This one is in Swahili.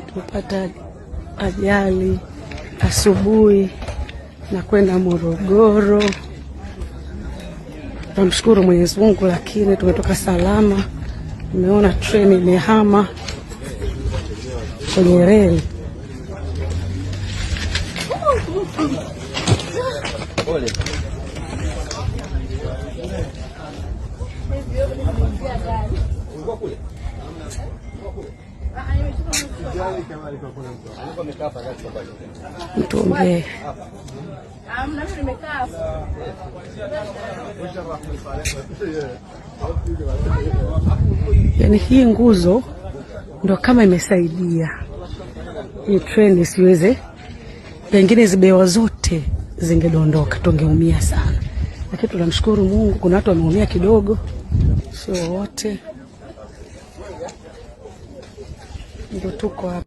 Tupata ajali asubuhi na kwenda Morogoro. Tunamshukuru Mwenyezi Mungu, lakini tumetoka salama. Tumeona treni imehama kwenye reli. Mtuombee. hii nguzo ndo kama imesaidia hii treni isiweze, pengine zibewa zote zingedondoka, tungeumia sana, lakini tunamshukuru Mungu, kuna watu wameumia kidogo, sio wote. ndio tuko hapa.